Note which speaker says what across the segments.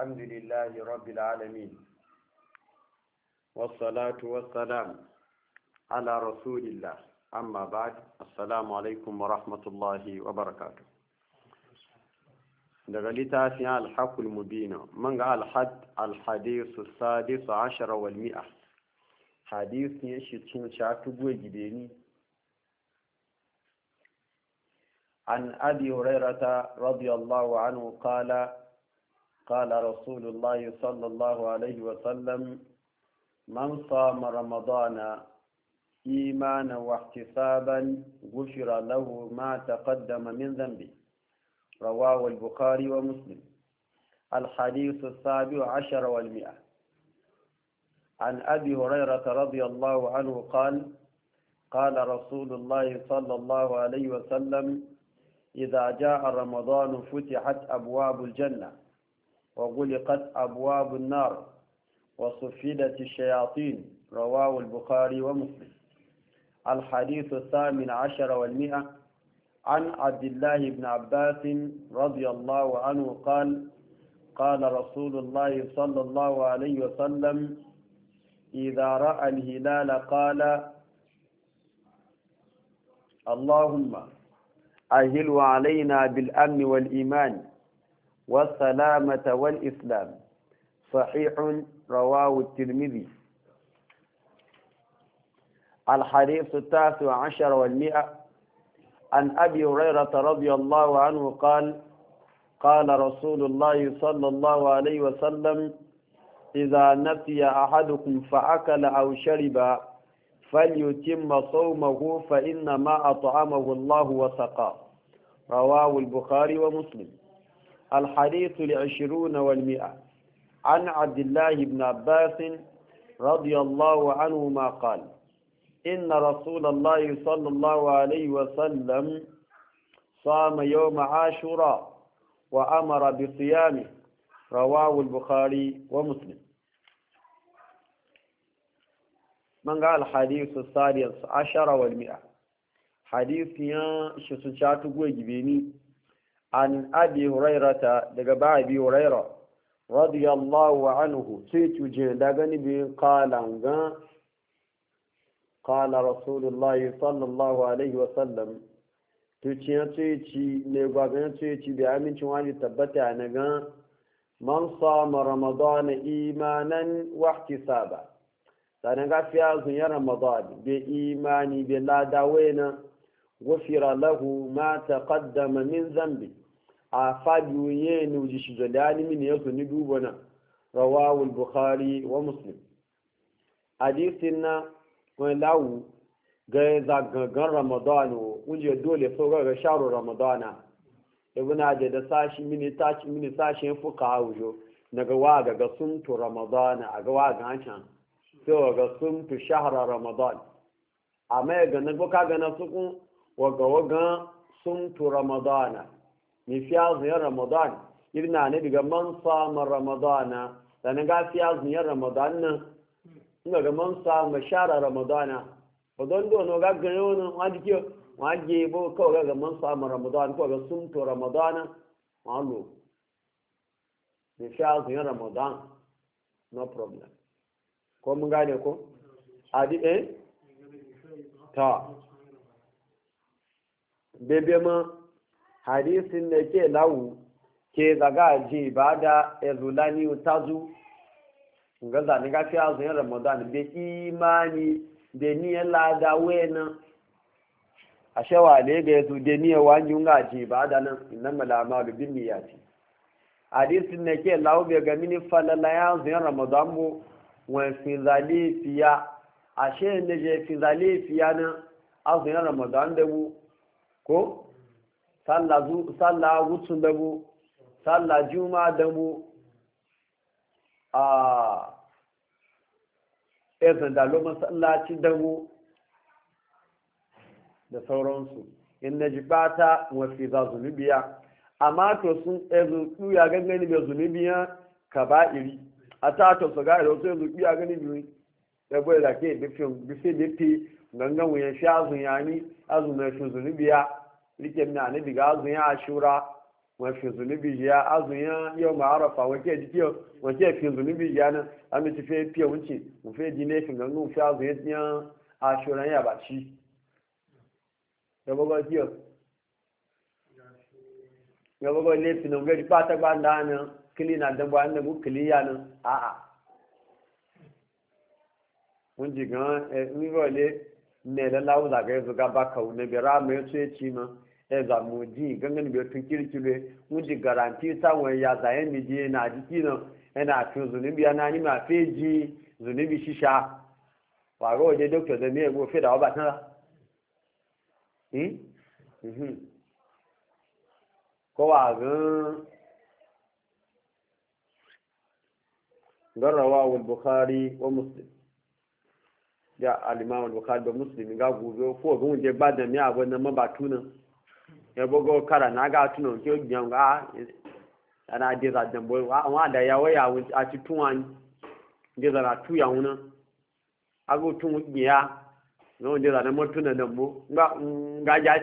Speaker 1: الحمد لله رب العالمين والصلاة والسلام على رسول الله أما بعد السلام عليكم ورحمة الله وبركاته دغليتا في الحق المبين من قال حد الحديث السادس عشر والمئة حديث يشي تشاتو بوجديني عن أبي هريرة رضي الله عنه قال قال رسول الله صلى الله عليه وسلم من صام رمضان إيمانا واحتسابا غفر له ما تقدم من ذنبه رواه البخاري ومسلم الحديث السابع عشر والمئة عن أبي هريرة رضي الله عنه قال قال رسول الله صلى الله عليه وسلم إذا جاء رمضان فتحت أبواب الجنة وغلقت أبواب النار وصفدت الشياطين رواه البخاري ومسلم الحديث الثامن عشر والمئة عن عبد الله بن عباس رضي الله عنه قال قال رسول الله صلى الله عليه وسلم إذا رأى الهلال قال اللهم أهل علينا بالأمن والإيمان والسلامة والإسلام صحيح رواه الترمذي الحديث التاسع عشر والمئة عن أبي هريرة رضي الله عنه قال قال رسول الله صلى الله عليه وسلم إذا نسي أحدكم فأكل أو شرب فليتم صومه فإنما أطعمه الله وسقاه رواه البخاري ومسلم الحديث العشرون والمئة عن عبد الله بن عباس رضي الله عنهما قال إن رسول الله صلى الله عليه وسلم صام يوم عاشوراء وأمر بصيامه رواه البخاري ومسلم من قال حديث السادس عشر والمئة حديث يا قوي جبيني عن أبي هريرة دقباع أبي هريرة رضي الله عنه قال قال رسول الله صلى الله عليه وسلم من صام رمضان إيمانا واحتسابا sanaga fi azun ya ramadan bi imani bi la dawena gufira lahu ma taqaddama min a fadiyo ya ne wuji shi jada ni mini ya ni duba na rawawul bukhari wa muslim hadisin na wani lawu ga zagagan ramadan wuje dole so ga sharu ramadana ibn aje da sashi mini tashi mini sashin fuka wujo daga wa ga sun tu ramadana a ga wa ga can so ga sun tu shahra ramadan amma ga nan ko ka ga na sukun wa ga wa ga sun tu ramadana mai fiya zuyar ramadan irna ne daga man sama ramadana Da ga fiya zuyar ramadan nan ina ga man sama shara ramadana ba don dono ga gane wani wani ke wani bo kawai ga man sama ramadan ko ga sumto ramadana malo mai fiya zuyar ramadan no problem ko mun gane ko adi eh ta bebe ma hadisin da ke lawu ke zaga ji ba da ezulani tazu Nga zane ga fiya zuwa ramadan be imani da niyan lada wena a shawa ne ga yazo da niyan wani ga ji ba da nan inna malama bin niyati hadisin da ke lawu be ga mini falala ya zuwa ramadan mu wa fi zalifiya ashe ne je fi zalifiya nan azuwa ramadan da mu ko sallah wutsun dabu sallah juma dabu a ɗaya zandalo masallaci dabu da sauransu in na ji bata wasu za zunubiya amma mato sun ɗaya ɗuya gangani da zunubiya ka ba'iri a ta to su ga'ira wasu yanzu ɗuya gani biyu ɗaya da ke bifin bifin bifin gangan wuyan shi azun yani azun mai shi zunubiya rike mina anabi ga azun ya ashura wọn fi zunubi ya azun yau ma arafa wọn ke jike wọn ke fi zunubi ya nan ami ti fe mu fe fi ya ashura ya ba ya ya kili na mu kili ya gan eh, ne ga ba bi ra me ma ya zamu ji gangan biyar tun kirkire mun ji garanti samun ya zayen mi je na jiki nan yana tun zunubi yana ni ma fe ji zunubi shisha wa ga waje doctor e da me go fe da ba tana eh hmm? hmm. ko wa gan garawa al-bukhari wa muslim ya al-imam al-bukhari da muslim ga gube ko gun je ba da mi abun nan ma ba tunan ebogo kara na ga tuno ke gyan ga ana de za dan wa wa da ya wuce a ci tuwan de za tu ya wuna ago tun gya no de za na mutuna nan bo ga ga ja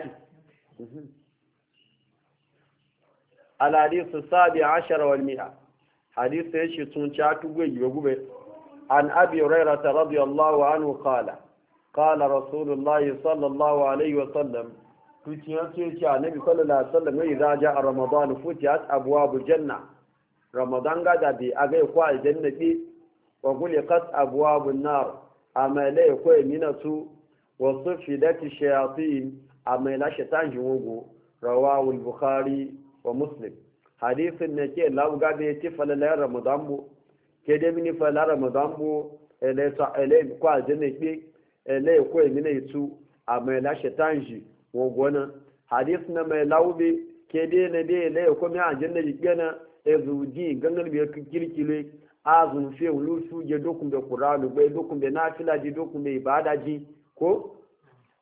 Speaker 1: mhm. ci الحديث السابع عشر والمئة حديث يشي تنشات ويجبه عن An abi رضي الله radiyallahu anhu kala, Kala, Rasulillah! Sallallahu alaihi wa sallam. tuciyar su yake annabi sallallahu alaihi wasallam yayi za ja ramadan futiyat abwabu janna ramadan ga da bi agai ko aljanna bi wa guliqat abwabun nar amale ko minatu wa sufidati shayatin amala shaitan jiwogo rawahu al-bukhari wa muslim hadisin ne ke lauga da yake falala ramadan bu ke da mini falala ramadan bu ele ta ele ko aljanna bi ele ko minatu amala shaitan jiwogo wogona hadis na mai laube ke de na de la ya kuma a janna gana e zuji gangan bi kirkile azun fe su je dokun be qur'anu bai dokun be nafila ji dokun be ibada ji ko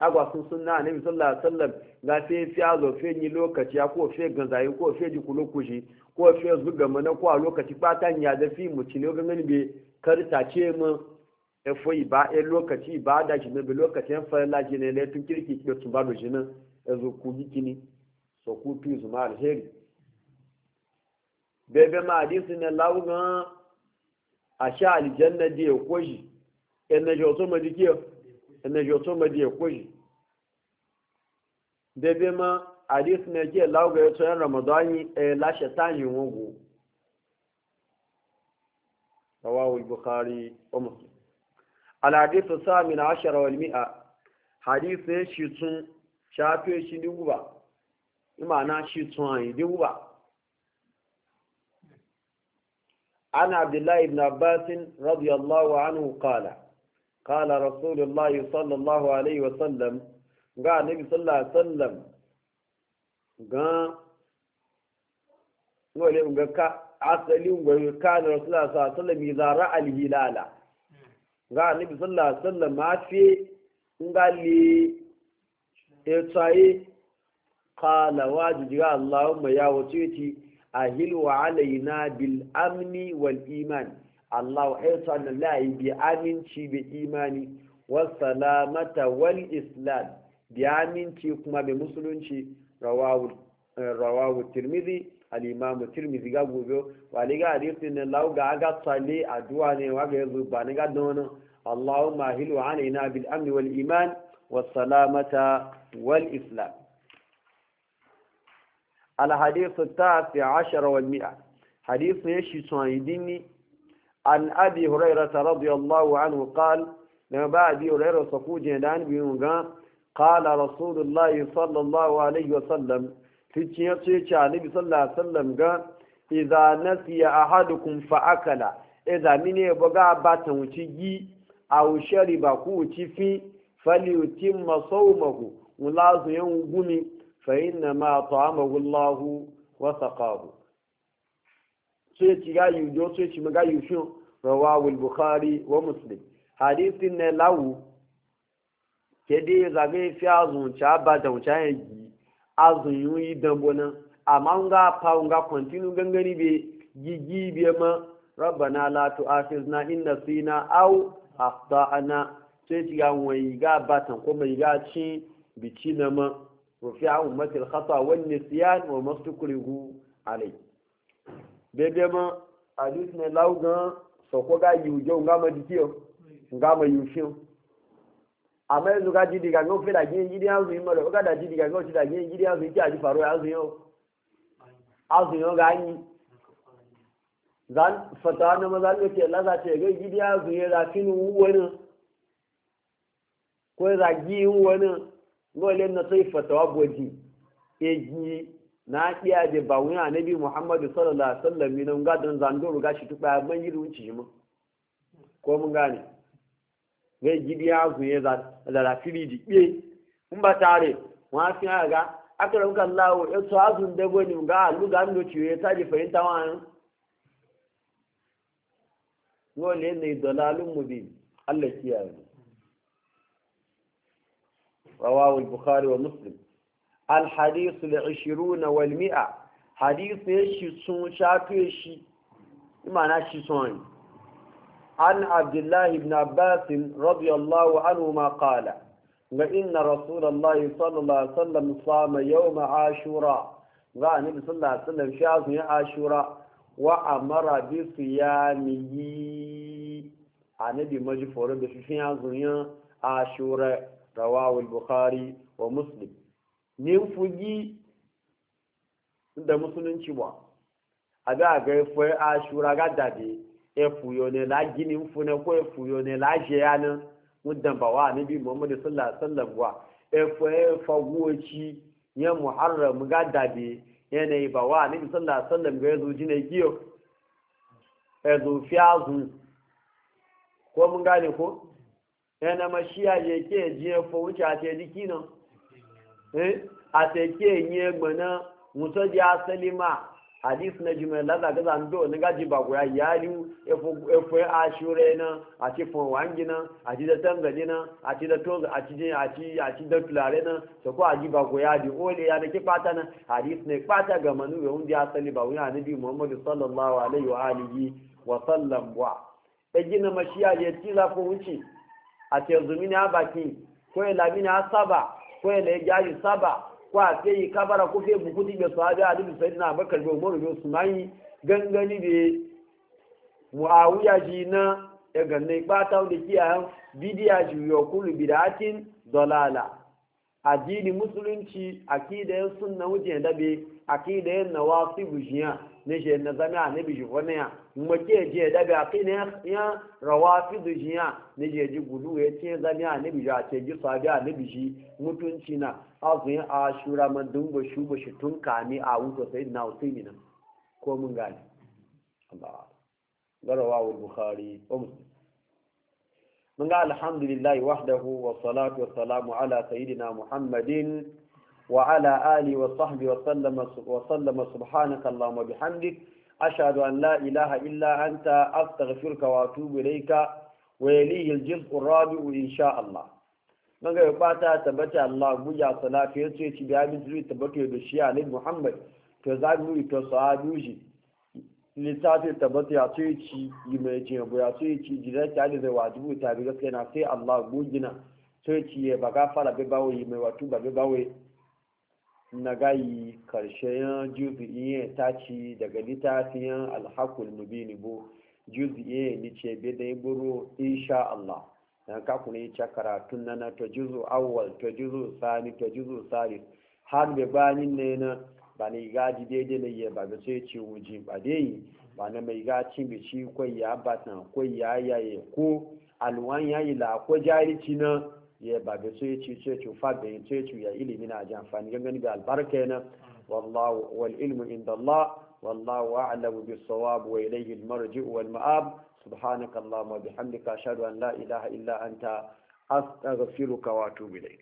Speaker 1: agwa sun sunna annabi sallallahu alaihi wasallam ga fe fi zo fe ni lokaci ko fe ganzayi ko fe ji kulukushi ko fe zuga mana ko a lokaci batan ya da fi mu cine gangan be karta ce mu efoyi ba e lokaci ba da shi ne bi lokacin farla ji ne laifin kirki ke tun ba da shi nan ya e zo ku yi kini so ku fi su ma alheri bebe ma hadisi na laugan a sha aljanna da ya e koji yan e na joto ma dikiyo yan na joto ma da ya koji bebe ma adi hadisi na ke laugan ya Ramadan ramadani a lashe tanyin wago rawawul bukhari wa muslim alhadisu samin ashara wal mi'a hadisun shi tun shafe shi dubu ba imana shi tun ayi dubu ba an abdullahi ibn abbasin radiyallahu anhu kala kala rasulullahi sallallahu alaihi wasallam ga nabi sallallahu alaihi wasallam sallam ga ngole ga asali ngole ka rasulullah sallallahu alaihi wasallam sallam idza ra'a ga annabi sallallahu alaihi wasallam ma fi ngali etsaye qala wajidi ga allahumma ya wati ahil wa alaina bil amni wal iman allah e ayyatan la bi aminci bi imani was salamata wal islam bi aminci kuma bi musulunci rawahu eh, rawahu tirmidhi الإمام الترمذي قبله وعليك عليك إن الله قاعد صلي أدواني وقاعد ربنا قدونه اللهم أهل علينا بالأمن والإيمان والسلامة والإسلام الحديث التاسع عشر والمئة حديث يشي صعيديني عن أبي هريرة رضي الله عنه قال لما بعد أبي هريرة صفوجي الآن قال رسول الله صلى الله عليه وسلم tukin ya ce ce alibi sallallahu alaihi wasallam ga idza nasiya ahadukum fa akala idza mine baga ba ta wuci gi aw shariba ku wuce fi falyutimma sawmahu wala yan gumi fa inna ma ta'amahu Allah wa saqahu ce ci ga yu jo ce ci maga yu shi rawahu al-bukhari wa muslim hadithin ne lawu kedi zage fi azun cha ba ta wuci gi azun yi dambo amma nga pa nga kontinu gangani be gigi be ma rabbana la tu'akhizna in au afta ana sai ci ga wai ga batan ko mai ga ci bici na ma rufi a ummati al-khata wa nisyan wa mastukrihu alai be be ma a ne laugan ko ga yujo nga ma dikiyo nga ma amma yanzu ka ji diga ngo fela gin gidi azu yi mara ka da ji diga ngo ci da gin gidi azu ki aji faro azu yo azu yo ga ni zan fata na maza ne ke laza ce ga gidi azu ya da fin wani ko za gi wani ngo le na sai fata wa boji e gi na kiya de ba wani annabi muhammadu sallallahu alaihi wasallam ne ga dan zan do ga shi tuba ban yi ruci mu ko mun gane wai gidi ya zuye zara fili jikpe in ba aga akara muka lawo eto azun dagbo ga alu ga ndo ciwo ya tari fahimta wani wọle ne dalalun mubin allah kiyaye رواه البخاري ومسلم الحديث العشرون والمئة حديث يشي سون ya يشي معناه shi سون عن عبد الله بن عباس رضي الله عنهما قال وإن رسول الله صلى الله عليه وسلم صام يوم عاشوراء النبي صلى الله عليه وسلم شاف عاشوراء وأمر بصيامه النبي مجفور بشيان عاشوراء رواه البخاري ومسلم نفجي da musulunci ba a ga ga fai ashura ga dade efuyo ne la gini mfuna ko efuyo ne la jeyana mudan bawa nabi muhammad sallallahu alaihi wasallam wa efo fagoci ya muharram ga dabe yanayi bawa nabi sallallahu alaihi wasallam ga yazo jine giyo ezo fiazu ko mun gane ko yana mashiya je ke je fo wuce a te dikino eh a te ke yin egbona mutoji asalima hadis na jimai laza ga zando na gaji ba guya yali efo a shure na a ci fon wangi na a ci da tangali na a ci da toga a ci a ci a ci da tulare na so ko aji ba guya di ole ya da ki fata na hadis ne fata ga manu ya hundi asali ba wani annabi muhammad sallallahu alaihi wa alihi wa sallam wa ta e gina mashiya ya ti za ku wuce a ce zumini a baki ko ya lamini a saba ko ya lai jaji saba kwa sai yi kabara ko sai bukudi be sahabi ali sai na bakar be umaru su usmani gangani da muawiya ji na ya ba ta da kiyayen bidiya juyo kulu bidatin dalala addini musulunci akida akidayen sunna wuce da be akidayen nawasibu jiya ne je na zama ne bi shi wani ya mace je da be akida ya rawafidu jiya ne je ji gudu ya ce zama a nabi a ce ji sabi a bi ji mutunci na azuyin ashura man dumba shuba shi tun kame a wuto sai na usaini ne ko mun gani Allah garawa wa bukhari wa muslim mun ga alhamdulillahi wahdahu wa salatu wa salamu ala sayyidina muhammadin wa ala ali wa sahbihi wa sallama subhanaka allahumma bihamdik ashhadu an la ilaha illa anta astaghfiruka wa atubu ilayka wa yalihi al-juz'u insha Allah mun ga bata tabbata Allah guja salatu yace ci bi amin tabbata da shi ali muhammad to zabi to sahabi littafi tabbata ya ce ci yi mai ce bu ya ce ci jirar ta da zai wajibu ta bi gaskiya na sai Allah gogina sai ci ya baka fara bai bawo yi mai wato ba bai bawo na gayi juzi iya ta ci daga littafin alhakul bu bo iya ni ce bai da ya buru insha Allah dan kaku ne ya cakara tun nana to juzu awwal to juzu sani to juzu salis har bai bani ne na ba na gaji daidai na yi ba ga sai ce wuji ba dai ba na mai gaci shi kwai ya batan kwai ya yaye ko alwan yi la ko na ya ba ga sai ce ce ce fa da ce ce ya ilimi na ji amfani gangan da albarka na wallahu wal ilmu inda Allah wallahu a'lamu bis sawab wa ilayhi al marji'u wal ma'ab subhanakallahumma bihamdika ashhadu an la ilaha illa anta astaghfiruka wa atubu ilaik